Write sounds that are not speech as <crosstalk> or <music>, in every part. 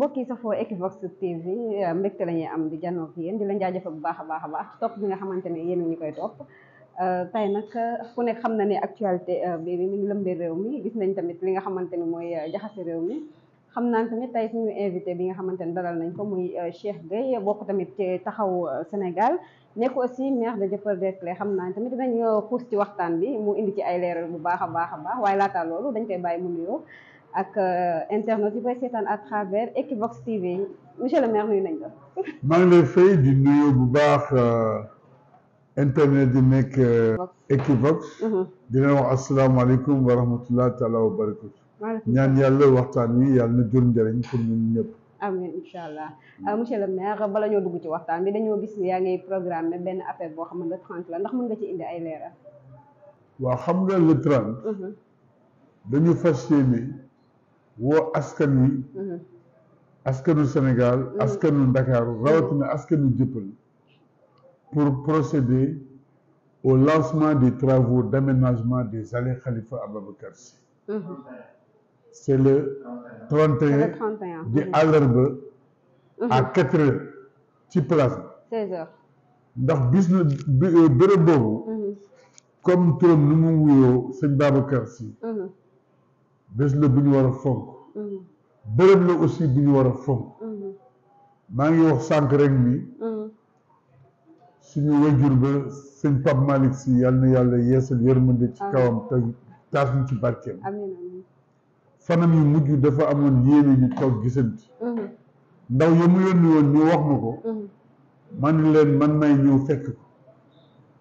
mbokk yi safoo Equivox TV euh, mbégte la ñuy am di janoo ak yéen di leen jaajëfal bu baax a baax a baax topp bi nga xamante ne yéen ñu koy topp euh, tey nag euh, ku nekk xam na ne actualité bi mi ngi lëmbee réew mi gis nañ tamit li nga xamante ni mooy jaxase réew mi xam naa tamit tey suñu invité bi nga xamante ne dalal nañ ko muy Cheikh Gueye bokk tamit ci taxaw Sénégal nekk aussi maire de Dieuppeul-Derklé xam naa tamit dinañ xuus ci waxtaan bi mu indi ci ay leeral bu baax a baax a baax waaye laataa loolu dañ koy bàyyi mu nuyoo ak euh, internet yi koy seetaan à travers Equivox TV monsieur le maire nuyu nañ la. maa ngi lay fay di nuyu bu baax euh, internet di nekk. Euh, Equivox mhm. di leen wax asalaamaaleykum wa rahmatullah taala wa barakatu. ñaan yàlla waxtaan wi yàlla na jur njëriñ pour ñun ñëpp. amin incha allah monsieur le maire bala ñoo dugg ci waxtaan bi dañoo gis yaa ngi programme benn affaire boo xam ne le 30 la ndax mën nga ci indi ay leeral. waaw xam nga le mhm. dañu fas yéene. woo askan mm-hmm. askanu Sénégal mm-hmm. askanu Ndakaaru rawatina askanu Jëppal pour procéder au lancement des travaux d'aménagement des allées Khalifa Ababacar Sy mm-hmm. c'est le 31 di àllarba à quatre heures ci place ndax bis na euh, bërëb boobu comme turam nu mu wuyoo sëñ Babacar Sy bés la bu ñu war a fonk mm-hmm. bërëb la aussi bu ñu war a fonk mm-hmm. maa ngi wax sànq rek ni mm-hmm. suñu wajur ba sëñ Pape Malick si yàlla na yàlla yeesal yërmande ci kawam te taas ñu ci barkeem fanam yu mujj dafa amoon yéene ñu toog gisanti ndaw ya mu yónni woon ñu wax ma ko man leen man may ñëw fekk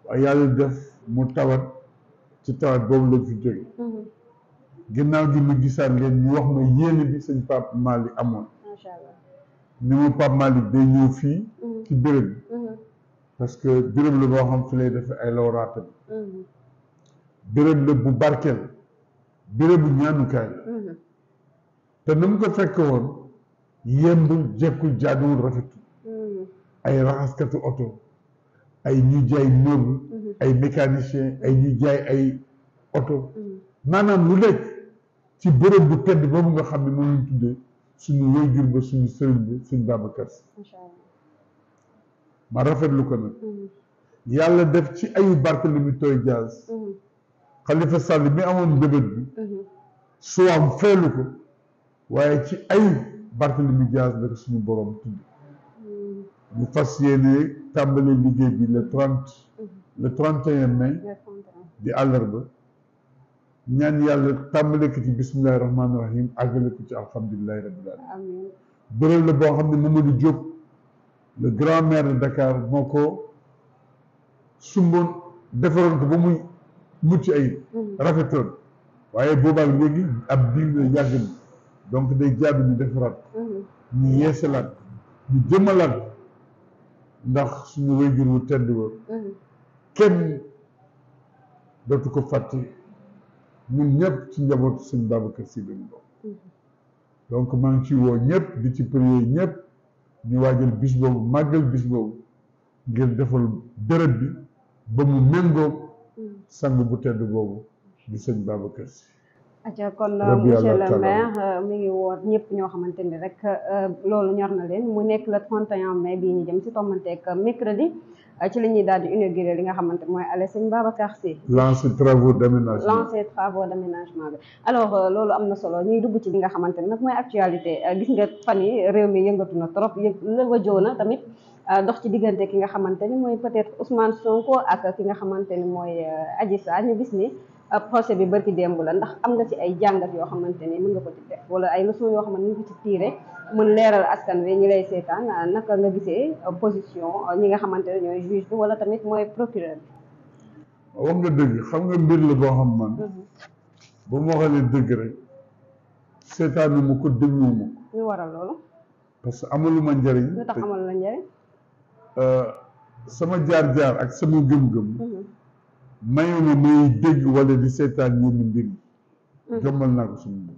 ko yàlla def mu tawat ci tawat boobu la fi jóge ginnaaw gi ma gisaat leen ñu wax ma yéene bi sëñ Pape Malick amoon ni ma Pape Malick day ñëw fii mm-hmm. ci béréb mm-hmm. parce que béréb la boo xam fi lay defee ay lawraata bi mm-hmm. béréb la bu barkeel bérébu ñaanukaay te na mu ko fekk woon yembul jekkul jaaduwul rafetul ay raxaskatu oto ay ñuy jaay meuble ay mécanicien ay ñuy jaay ay oto maanaam lu nekk ci bërëb bu tedd boobu nga xam ne moom lañ tuddee suñu wayjur ba suñu sëriñ ba suñ Babacar Si ma rafetlu ko nag mm-hmm. yàlla def ci ayu Barthélemy Toye Dias mm-hmm. Khalifa Sall mi amoon mbébét bi mm-hmm. su am feelu ko waaye ci ay Barthélemy Dias la suñu borom tudd ñu fas yéene tàmbalee liggéey bi le trente le trente et un mai di àllarba ñaan yàlla tàmbale ko ci bisimilah rahmaani rahim àggale ko ci alhamdulilah rabbil alamin bërëb boo xam ne Mamadou Diop le grand maire de moo ko sumboon ba muy mucc ay mm-hmm. rafetoon waaye boobaak léegi ab diir la yàgg na donc day jaabi ñu defaraat mm-hmm. ñu yeesalaat ñu jëmmalaat ndax suñu wayjur wu tedd woon mm-hmm. kenn dootu ko fàtte mu ñëpp ci njaboot sëñ Babacar Sy lañ mhm. donc maa ngi ci woo ñëpp di ci prier ñëpp ñu waajal bis boobu màggal bis boobu ngir defal béréb bi ba mu méngóog mhm. sang bu tedd boobu di sëñ Babacar Sy aja kon euh, monsieur le euh, mi ngi woot ñëpp ñoo xamante ni rek euh, loolu ñor na leen mu nekk le 31 mai bii ñu jëm si tombanteeg mercredi ci la ñuy daal di inauguré li nga xamante mooy allée Sëñ Babacar Sy lancer travaux d'aménagement lancer travaux d'aménagement bi alors loolu am na solo ñuy dugg ci li nga xamante ne nag mooy actualité gis nga fan yi réew mi yëngatu na trop yë la wajoo na tamit dox ci diggante ki nga xamante ni mooy peut-être Ousmane Sonko ak ki nga xamante ni mooy aji Sarr ñu gis ni Euh, procès bi bërki démb la ndax am na ci ay jàngat yoo xamante ni mën nga ko ci def wala ay leçon yoo xam ne mën nga ko ci tiire mën leeral askan wi ñi lay seetaan euh, naka nga gisee euh, position ñi xamante ne ñooy wala tamit mooy procureur bi. wax nga dëgg xam nga mbir la boo xam man. Mhm. ba mu waxee dëgg rek seetaanu mu ko déglu mu. ñu waral loolu. parce que amalu ma njëriñ. lu tax amalu la njëriñ. sama jaar-jaar ak sama gëm-gëm. Mhm. mayu ma may dégg wala di seetaan yenn mbir yi mm. jommal naa ko suñu mbir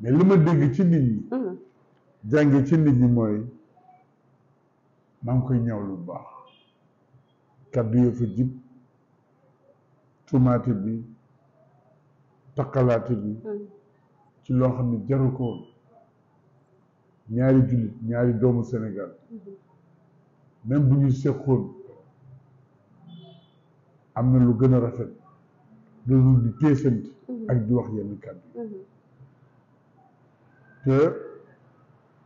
mais li ma dégg ci nit ñi mm. jànge ci nit ñi mooy maa ngi koy ñaw lu baax kaddu ya fa jib tumaate bi takkalaate bi mm. ci loo xam ne jaru ko ñaari jullit ñaari doomu Sénégal mm-hmm. même bu ñu seqoon am na lu gën a rafet dudul di téefant mhm. ak di wax yenn kàddu mhm. te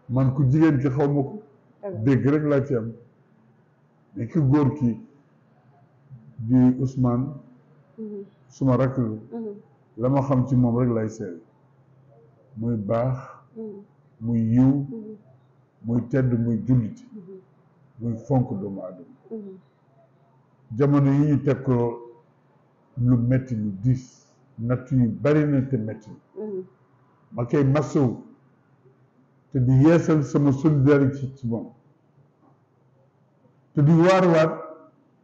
man ku jigéen ki xaw ma ko dégg rek laa ci am mais ki góor ki di Ousmane mhm. suma rakk la ma xam ci moom rek lay seet muy baax muy yiw muy tedd muy julliti muy fonk doomu aadama jamono yi ñu teg ko lu métti lu diis natt yu bari na te métti ma mm-hmm. koy masaw te di yeesal sama solidarité ci moom te di waar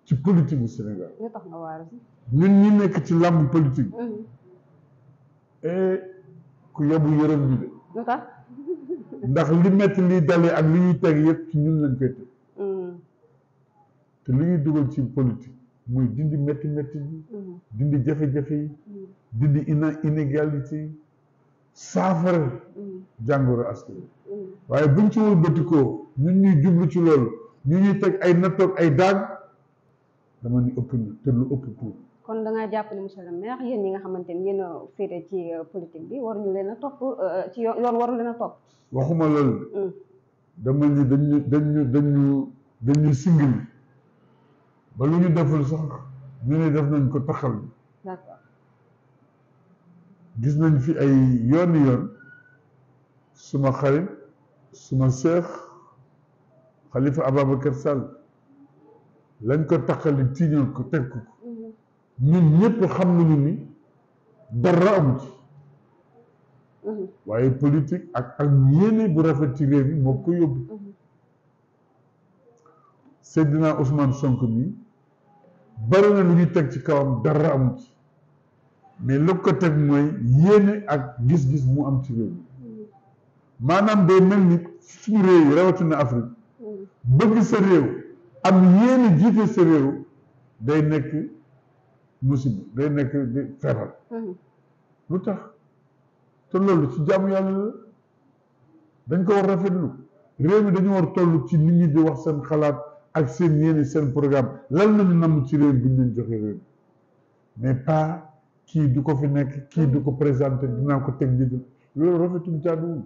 ci politique bu Sénégal ñun nekk ci làmb politique mm-hmm. et ku yabu yërëm ñu de ndax li métti liy dalee ak li ñuy teg yëpp ñu ñun lañ koy teg te li ñuy dugal ci politique muy dindi métti métti bi mhm. dindi jafe-jafe yi mhm. dindi ina inégalité yi saafara mhm. jàngoro askan waaye buñ ci wëlbatikoo ñun ñuy jublu ci loolu ñu ñuy teg ay nattoog ay daag dama ni ëpp na te lu ëpp pour kon da ngaa jàpp ne monsieur le maire nga xamante ni yéen a féete ci euh, politique bi waruñu leen a topp euh, ci waxuma loolu dama ni dañu dañu dañu dañu ba lu ñu sax ñu ne def nañ ko taxal gis nañ fi ay yooni yoon suma xarit suma seex xalifa Ababacar Sall lañ ko taxali tiiñal ko teg ko mhm. ñun ñëpp xam nañu ni dara am ci mhm. waaye ak ak bu rafet ci réew mi moo ko yóbbu mhm. Seydina Sonko mi bari na lu ñu teg ci kawam dara amut mais lu ko teg mooy yéene ak gis-gis mu am ci réew mi maanaam day mel ni suñu réew yi rawatina Afrique bëgg sa réew am yéene jiite sa réew day nekk musiba day nekk di feebar lu loolu ci jaamu yàlla la dañ ko war rafetlu réew mi dañu war toll ci nit ñi di wax seen xalaat ak seen yéene seen programme lan lañu namm ci réew bi ñu leen joxe mais pas kii du ko fi nekk kii du ko présenté dina ko teg di loolu rafetul jaaduwul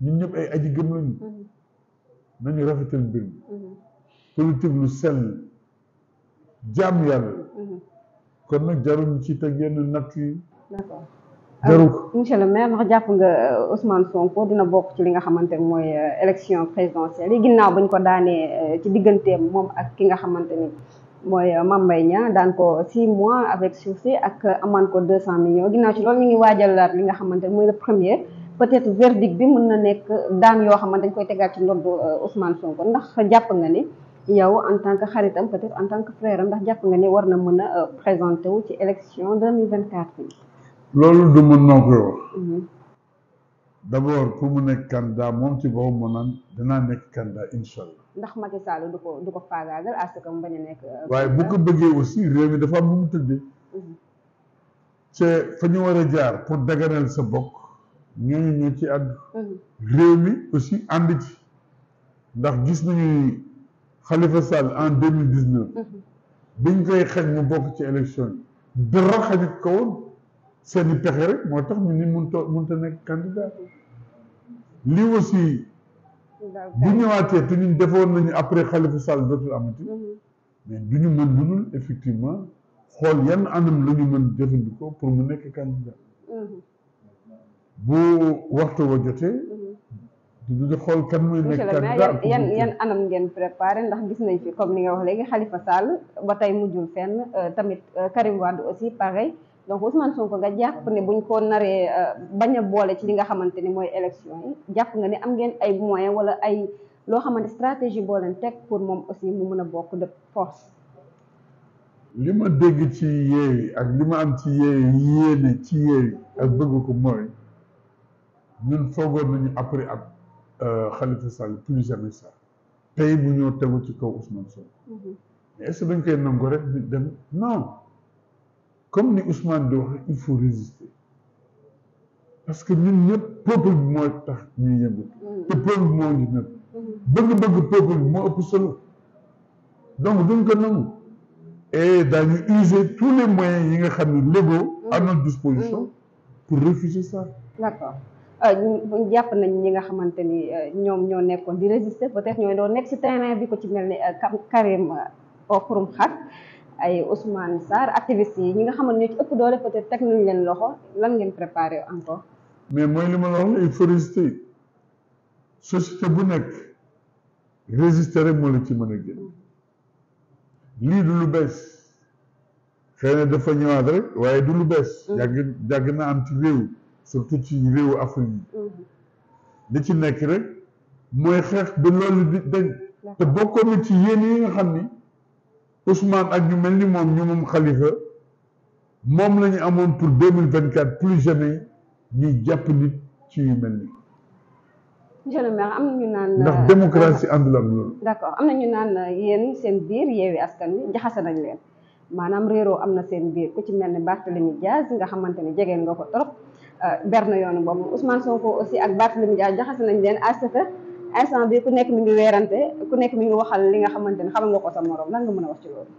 ñun ñëpp ay aji gëm lañu mm-hmm. nañu rafetal mbir mi mm-hmm. politique lu sell jaam yàlla mm-hmm. kon nag jarul ci teg yenn natt yi Ah, jërëjëf monsieur le maire ndax jàpp nga euh, Ousmane Sonko dina bokk ci li nga xamante ne mooy euh, élection présidentielle yi ginnaaw bañ ko daanee euh, ci digganteem moom ak ki nga xamante ni mooy Mame Mbaye Niang daan ko 6 mois avec sursis ak amaan ko 200 millions ginnaaw ci loolu ñu ngi waajalaat li nga xamante ne mooy le premier peut-être verdict bi mën na nekk daan yoo xamante dañ koy tegaat ci ndodd Ousmane Sonko ndax jàpp nga ni yow en tant que xaritam peut-être en tant que frère am ndax jàpp nga ni war na mën a présenter wu ci élection 2024 bi. loolu du mun noo koy wax mhm. d'abord pour mu nekk candidat moom ci boobu mu naan dinaa nekk candidat incha allah. ndax Macky Sall du ko du ko faagaagal à que mu bañ nekk. Euh, waaye bu ko bëggee aussi réew mi dafa am nu mu tëddee. Mhm. te fa ñu war a jaar pour daganal sa bokk ñooñu ñoo ci àdd. Mhm. réew mi aussi ànd ci ndax gis nañu Khalifa Sall en deux mille dix neuf. biñ koy xaj mu bokk ci élection yi dara xajut ko seeni i pexe rek moo tax ñu ni mënta mënta nekk candidat lii aussi bu ñëwaatee te ñun defoon nañu après Khalifa Sall dootul amati mhm. mais du ñu mën lu effectivement xool yan anam la mën jëfandikoo pour mu nekk candidat mhm. bu waxtu wa jotee mhm. du di xool kan muy nekk candidat yan yan anam ngeen préparé ndax gis nañ fi comme li nga wax léegi Khalifa saal ba tey mujjul fenn euh, tamit euh, Karim Wade aussi pareil donc Ousmane Sonko nga jàpp ne buñ ko naree euh, bañ a boole ci li nga xamante ni mooy élection yi jàpp nga ni am ngeen ay moyen wala ay loo xamante stratégie boo leen teg pour moom aussi mu mën a bokk def force. li ma dégg ci yeewi ak li ma am ci yeewi yéene ci yeewi ak bëgg ko mooy ñun foogoon nañu après ab euh, Khalifa Sall plus jamais ça tey mu ñëw tegu ci kaw Ousmane Sonko. Mm-hmm. mais est koy nangu rek dem comme ni Ousmane di wax il faut résister parce que ñun ñëpp peuple bi moo tax ñuy yëngu mm. te peuple bi moo ñu nëpp mm. bëgg-bëgg peuple bi moo ëpp solo donc duñ ko nangu et daañu user tous les moyens yi nga xam ne légaux mm. à notre disposition pour refuser ça d'accord euh, jàpp nañ ñi nga xamante ni euh, ñoom ñoo nekkoon di résister peut-être ñooy nekk ci terrain bi ko ci mel ni euh, Karim Xrum Xax ay Ousmane Sarr activiste yi ñi nga xamante ñu ci ëpp doole peut-être teg nañ leen loxo lan ngeen préparé encore. mais mooy li ma la bu nekk résister moo ci mën lii du lu bees. dafa ñëwaat rek waaye du lu bees mm. yàgg yàgg ci réew surtout ci réewu Afrique mm-hmm. ci nekk rek mooy xeex ba loolu di dañ na ci yéen nga xam ni Ousmane ak ñu mel ni moom ñu moom xalifa moom la ñu amoon pour deux mille vingt quatre plus jamais ñuy jàpp nit ci yu mel ni am na ñu naan ndax euh, démocratie àndul ak loolu d'accord am na ñu naan euh, yéen seen biir yeewi askan wi jaxase nañ leen maanaam réeroo am na seen biir ku ci mel ni Barthélémy Diaz nga xamante ne jegeen nga ko trop euh, ber na yoonu boobu Ousmane Sonko aussi ak Barthélémy Diaz jaxase nañ leen à ce que instant bi ku nekk mi ngi weerante ku nekk mu ngi waxal li nga xamante ne xamal nga ko sa morom lan nga mën a wax ci loolu.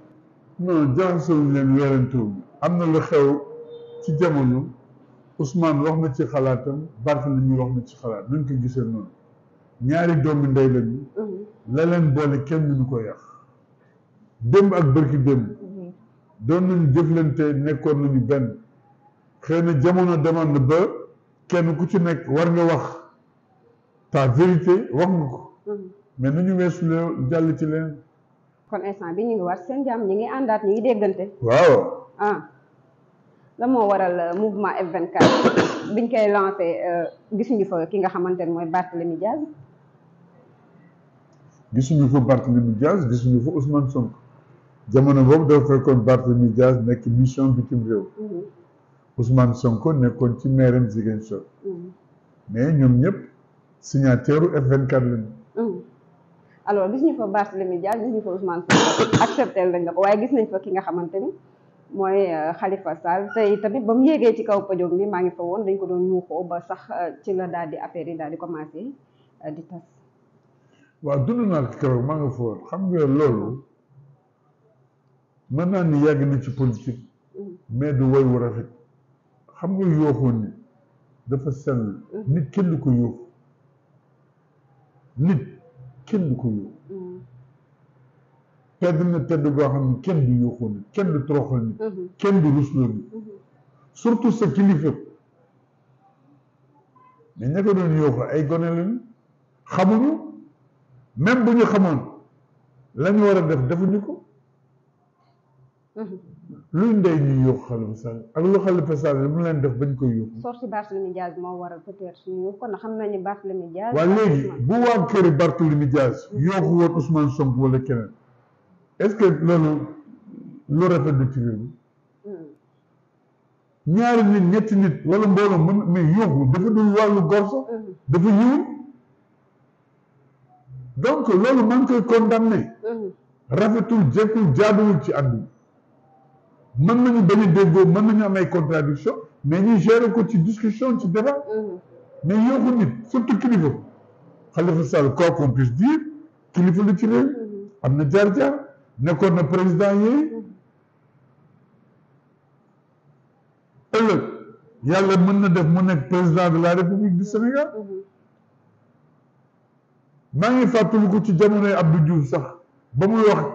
non jaxasowuñ leen weerantewuñ am na lu xew ci jamono Ousmane wax na ci xalaatam Barthélémy wax na ci xalaat nañ ko gisee noonu ñaari doomi ndey lañu. Mhm. la leen boole kenn mënu ko yàq. démb ak bërki démb. Mhm. doon nañu jëflante nekkoon nañu benn. xëy jamono demoon na ba kenn ku ci nekk war nga wax. ta vérité wax nga ko. Hmm. mais nañu weesu leen jàll ci leen. kon bi ñu ngi war seen jàmm ñu ngi àndaat ñi ngi déggante. waaw. ah la moo waral euh, mouvement F24 <coughs> biñ koy lancé euh, gisuñu fa ki nga xamante ne mooy Barthélémy Diaz. gisuñu fa Barthélémy Diaz gisuñu fa Ousmane Sonko jamono boobu dafa fekkoon Barthélémy Diaz nekk mission bitim réew. Hmm. Ousmane Sonko nekkoon ci meeram Ziguinchor. Hmm. mais ñoom ñëpp. signature F24 lañu. alors gis ñu fa Barthélémy Dias gis ñu fa Ousmane Sonko <coughs> accepté lañ la waaye gis nañ fa ki nga xamante ni mooy xalifa euh, Sall tey tamit ba mu yéegee ci kaw podium bi maa ngi fa woon dañ ko doon yuuxoo ba sax euh, ci la daal di affaire yi daal di commencé euh, di tas. waaw dund naa keroog maa ngi fa woon xam nga loolu mën na ci politique. mais du woy xam nga dafa sell nit kenn du ko yooxu. nit kenn du ko yuuxu mm-hmm. tedd na tedd goo xam kenn du yuuxoo nit kenn du toroxal nit mm-hmm. kenn du rusloo mm-hmm. surtout sa kilifa mais ña ko doon yuuxu ay gone lañu xamuñu même bu ñu xamoon la ñu war a def defuñu ko luy ndey ñuy yuux Khalifa Sall ak lu Khalifa Sall mu leen def bañ koy yuux. sorti Barthélémy Dias moo waral peut-être suñu yuux kon xam nañu Barthélémy Dias. waaw léegi bu waa këri Barthélémy Dias wala keneen est-ce que loolu lu rafet du ci réew hmm. ñaari nit ñetti nit wala mbooloo mën mais yuuxu dafa dul wàllu gorso hmm. dafa yiw donc loolu man koy condamné hmm. rafetul jekkul jaaduwul ci àdduna mën nañu bañ a déggoo mën nañu am ay contradiction mais ñu gérer ko ci discussion ci débat mm-hmm. mais yooku nit surtout kilifa Khalifa Sall quoi qu'on puisse dire kilifa la ci réew mm-hmm. am na jaar-jaar nekkoon na président yooyu mm-hmm. ëllëg yàlla mën na def mu nekk président de la république du Sénégal maa ngi fàttaliku ci jamonoy Abdou Diouf sax ba muy wax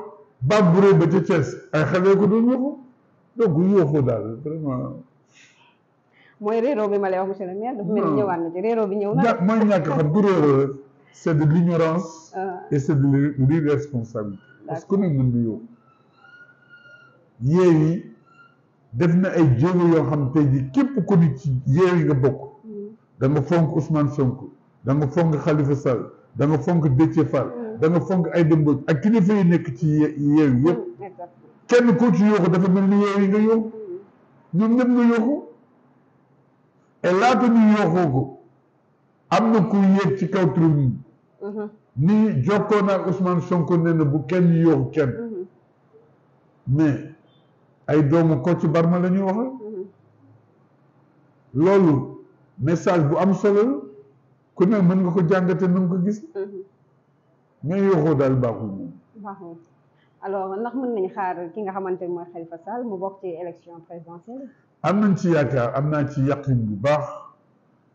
baab bu rëy ba ca Thiès ay xale ko doon waxu donc yóoxu daal mooy réeróo bi ma lay wax monsieur le maire. dafa mel ni ñëwaat na ci réeróo bi ñëw na. mooy ñàkk xam bu réeróo la de l' ah. et c' est de l' irresponsabilité. parce que ku ay jéego yoo xam tey ji képp ku ni ci yeewi nga bokk. Mm. da nga fonk Ousmane Sonko da nga fonk Khalifa Sall da fonk Déthié Fall mm. da fonk Aïda Mbodj ak kilifa yi nekk ci yeewi yëpp. kenn ku ci yuuxu dafa mel ni yooyu nga yuuxu ñoom ñëpp nga yuuxu et laata ñu yuuxu ko am na ku yéeg ci kaw tribune mhm. ni jokkoon ak Ousmane Sonko nee bu kenn yuuxu kenn mhm. mais ay doomu Kocc Barma la waxal mhm. loolu message bu am solo la ku ne mën nga ko jàngate na nga ko gis mais yuuxu daal baaxul moom alors ndax mën nañ xaar ki nga xamante ne mooy Khalifa Sall mu bokk ci élection présidentielle. am nañ ci yaakaar am naa ci yaqin bu baax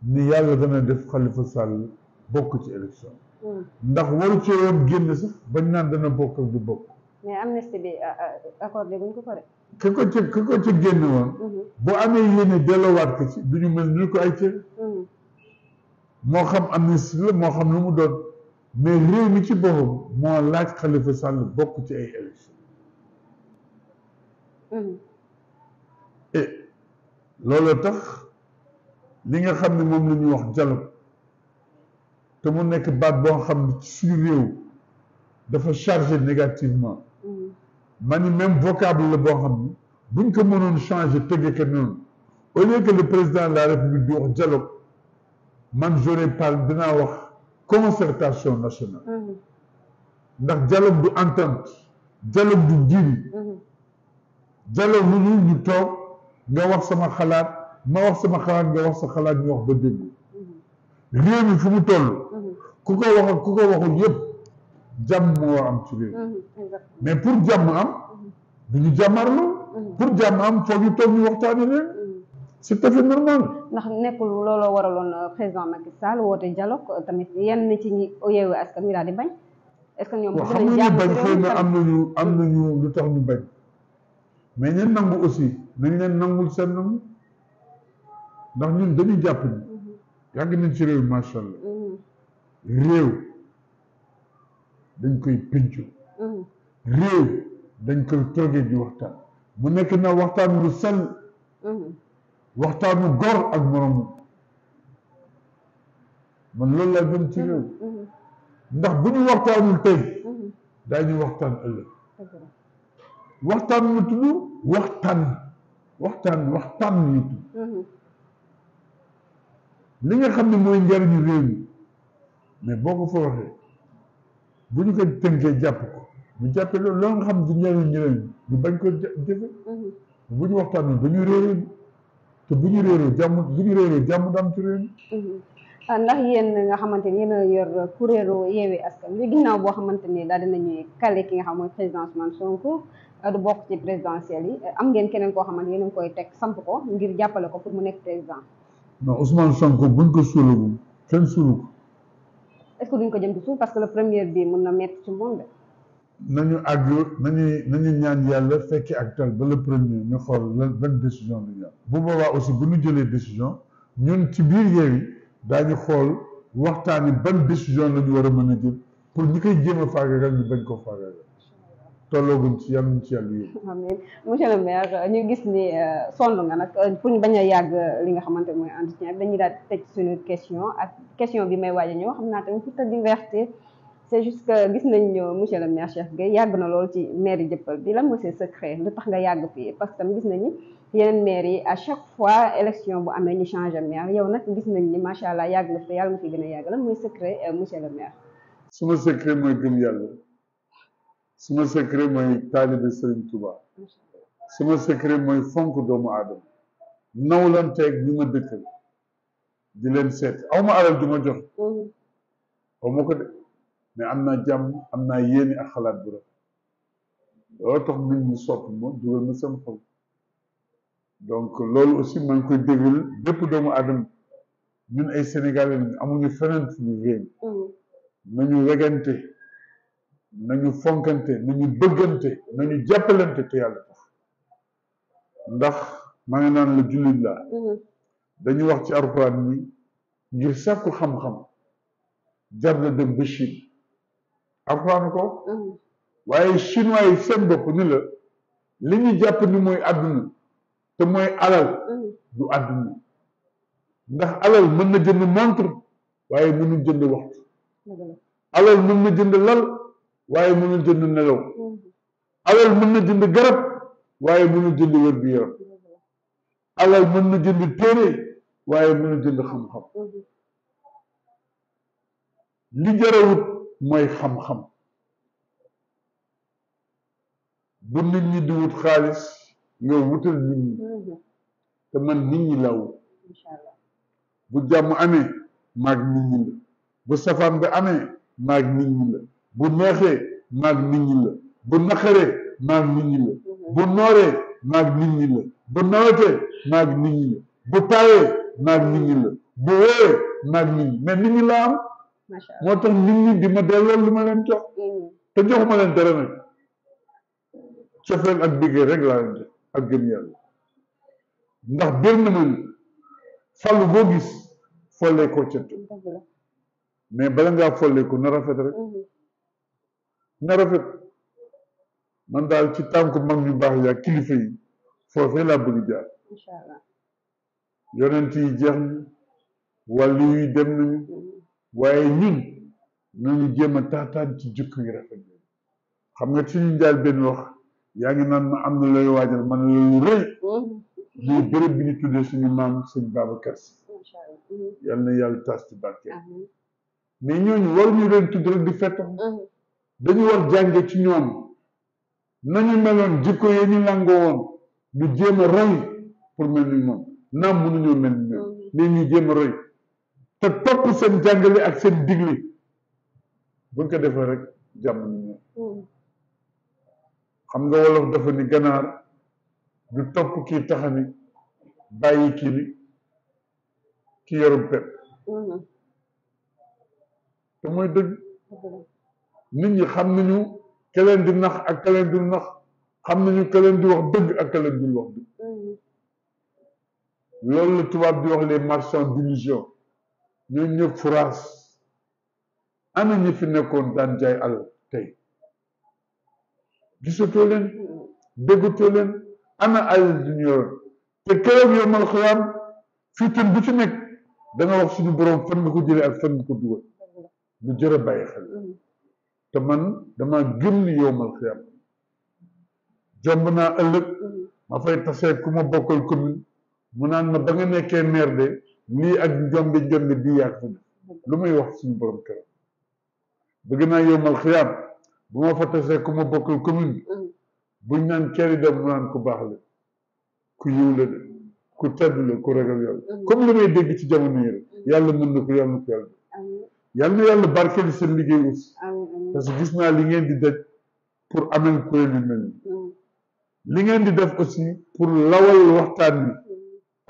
ni yàlla dana def Khalifa Sall bokk ci élection. Hmm. ndax waru ci woon génn sax bañ naan dana bokk ak du bokk. mais amnistie bi euh, euh, accordé buñ ko pare. ki ko ci ki ko ci génn woon. Hmm. bu amee yéene delloowaat ko ci du ñu mel ni ko ay cër. Hmm. moo xam amnistie la moo xam lu mu doon. mais réew mi ci boppam moo laaj Khalifa Sall bokk ci ay élection hmm. et eh, looloo tax li nga xam ne moom la ñuy wax dialogue te mu nekk baat boo xam ne ci suñu réew dafa chargé négativement hmm. ma ni même vocable la boo xam ne buñ ko mënoon changé tëgge ko noonu au lieu que le président de la république di wax dialogue man j'aurais parlé dinaa wax concertation nationale ndax dialogue du entente dialogue du diri dialogue lu ñu ñu toog nga wax sama xalaat ma wax sama xalaat nga wax sa xalaat ñu wax ba dégg réew fu mu toll ku ko wax ku ko waxul yëpp jàmm moo am ci réew mais pour jàmm am du ñu jàmmarloo pour jàmm am foog ñu toog ñu waxtaani leen c'est tout à normal ndax nekkul looloo waraloon euh, président Macky Sall woote dialogue euh, tamit yenn ci ñi yeewu askan wi daal di bañ. est-ce bañ xëy na am nañu am nañu lu tax ñu bañ mais ñeen nangu aussi nañ leen nangul seen nangu ndax ñun dañuy jàpp ni mm-hmm. yàgg nañ ci réew macha allah mm-hmm. réew dañ koy pincu mm-hmm. réew dañ koy toogee di waxtaan mu nekk na waxtaan lu sell waxtaanu góor ak moromu man loolu laa gëm ci réew mm-hmm. Mm-hmm. ndax bu ñu waxtaanul tey mm-hmm. daañu waxtaan ëllëg waxtaan mu tudd waxtaan waxtaan waxtaan mu tudd li nga xam ne mooy njariñu réew mi mais boo ko fa waxee bu ñu ko tënkee jàpp ko mu jàppee loolu loo nga xam ne njariñu réew mi ñu bañ ko jëfe bu ñu waxtaanul dañu réew mi te bu ñu réeroo jàmm bu ñu réeroo jàmm dam ci réew mi mm-hmm. ndax yéen nga xamante ni yéen a yor kuréelu yeewi askan bi ginnaaw boo xamante ni daal dinañuy kale ki nga xam mooy président Ousmane Sonko du bokk ci présidentielle yi am ngeen keneen koo xamante yéen a ngi koy teg samp ko ngir jàppale ko pour mu nekk président non Ousmane Sonko buñ ko suulagum kenn suulu ko est-ce que ko jëm ci parce que le premier bi mun na métti ci moom nañu àgg nañuy nañu ñaan yàlla fekki ak tal ba premier ñu xool lan ban décision du ñu am bu boobaa aussi bu ñu jëlee décision ñun ci biir Yewwi daañu xool waxtaani ban décision la ñu war a mën a jël pour ñu koy jéem a faagagal ñu bañ ko faagagal tollooguñ ci yàlla ñu ci yàlla yëpp. amiin monsieur le maire ñu gis ni euh, sonn nga nag euh, pour ñu bañ a yàgg li nga xamante mooy entretien bi dañuy daal teg suñu question ak question bi may waaj a ñëw xam naa tamit pour te c'est juste que gis nañ monsieur le maire Cheikh Gueye yàgg na lool ci maire jëppal bi lan mooy seen secret lu tax nga yàgg fii parce que gis nañ ni yeneen maire yi à chaque fois élection bu amee ñu changé maire yow nag gis nañ ni macha allah yàgg na fi yàlla na fi gën a yàgg lan mooy secret euh, monsieur le maire. suma secret mooy gëm yàlla suma secret mooy su ma Touba suma secret mooy fonk doomu aadama nawlanteeg ñu ma dëkkal di leen seet aw ma alal du jox mm-hmm. mais am naa jàmm am naa yéene ak xalaat bu rafet loolu tax donc loolu aussi maa ngi koy déglu bépp doomu aadama ñun ay sénégalais lañu amuñu feneen fu ñu réew mm. nañu wegante nañu fonkante nañu bëggante nañu jàppalante te yàlla tax ndax maa ngi naan la jullit laa mm-hmm. dañu wax ci alxuraan ni ngir sàkku xam-xam jar na dem ba alxuraan ko mm. waaye chinois yi seen bopp ni la li ñu jàpp ni mooy àdduna te mooy alal mm. du àdduna ndax alal mën na jënd montre waaye mënul jënd waxtu alal mën na jënd lal waaye mënul jënd nelaw mm. alal mën na jënd garab waaye mënul jënd wér gu yaram alal mën na jënd téere waaye mënul jënd xam-xam mm-hmm. li jarawut mooy xam-xam bu nit di wut xaalis nga wutal nit ñi te man bu jàmm ame maag nit la bu safaan bi amee maag nit ñi la bu neexee maag nit ñi la bu naqaree maag nit la bu nooree maag nit la bu nawetee maag nit la bu tawee maag nit la bu wóoree maag nit ñi mais nit moo tax nit ñi di ma delloo lu ma leen jox mm. te joxuma leen dara nag cofeel ak biggee rek laa leen ak gëm yàlla ndax bir na man fàllu boo gis follee koo mais bala ngaa follee na rafet rek mm-hmm. na rafet man daal ci tànk mag ñu baax yaa kilifa yi foofee laa bëgg jaar yonent yi jeex na wàllu yi dem nañu mm-hmm. waaye ñun nañu jéem a taataan ci jukki yu rafet xam nga suñu njaal benn wax yaa ngi naan ma am na looy waajal man la rëy mm-hmm. lii bërëb bi ñu tuddee suñu maam sëñ Babacar Si mm-hmm. yal na yàlla taas ci barke mais ñooñu waruñu leen tudd rek di fett mm-hmm. dañu war jànge ci ñoom nañu meloon jikko yi ñu làngoo woon ñu jéem a roy pour mel ni moom naam mënuñoo mel ni ñoom mais ñu jéem a te topp seen jàngale ak seen digle buñ ko defee rek jàmm ni hmm. xam nga wolof dafa ni ganaar du topp kii taxani bàyyi kii ni ki yorum pet hmm. te mooy dëgg nit ñi xam nañu keleen leen di nax ak ka leen di nax xam nañu keleen leen di wax dëgg ak ka leen di wax dëgg hmm. loolu la tubaab di wax les marchands d'illusion ñoo ñëpp France ana ñi fi nekkoon daan jaay alal tey gisatoo leen déggatoo leen ana alal ji ñu yoroon te keroog yomal xiyaam bu fi nekk da wax suñu borom fan nga ko jëlee ak fan nga ko dugal lu jër a xel te dama gëm ni yomal xiyaam jomb naa ëllëg ma fay tasee ku ma bokkal commune mu naan ma ba nga nekkee maire de nii ak njombe njombe bii yaa lu may wax suñu borom këram bëgg naa yombal xiyaam bu ma fa tasee ku ma bokkal commune mm. buñ naan keri dem mu naan ku baax la ku yiw la de ku tedd la ku ragal yàlla mm. comme li may dégg ci jamono yi rek mm. yàlla mën na ko yàlla na yàlla yàlla na yàlla barkeel seen liggéey aussi parce que gis naa li ngeen di daj pour amel kuréel yu mel li ngeen di def aussi pour lawal waxtaan bi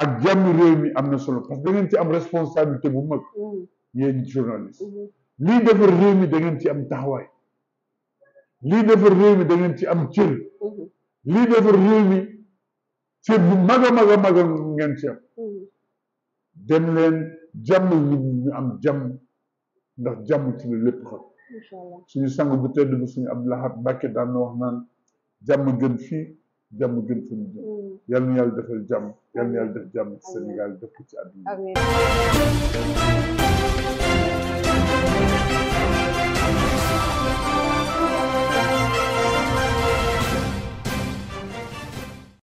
ak jàmm réew mi am na solo parce que ngeen ci am responsabilité bu mag mm-hmm. yéen journaliste mm-hmm. lii defar réew mi da ngeen ci am taxawaay lii defar réew mi da ngeen ci am cër mm-hmm. lii defar réew mi cër bu mag a a ngeen ci am dem leen jàmm nit ñi ñu am jàmm ndax jàmm ci lépp suñu sang bu tedd bi suñu Abdou Lahad Mbacké daan na wax naan gën fii jàmm gën fa ñu jëm mm. yal na yàlla defal jàmm yal na yàlla def jàmm ci Sénégal def ko ci àdduna amiin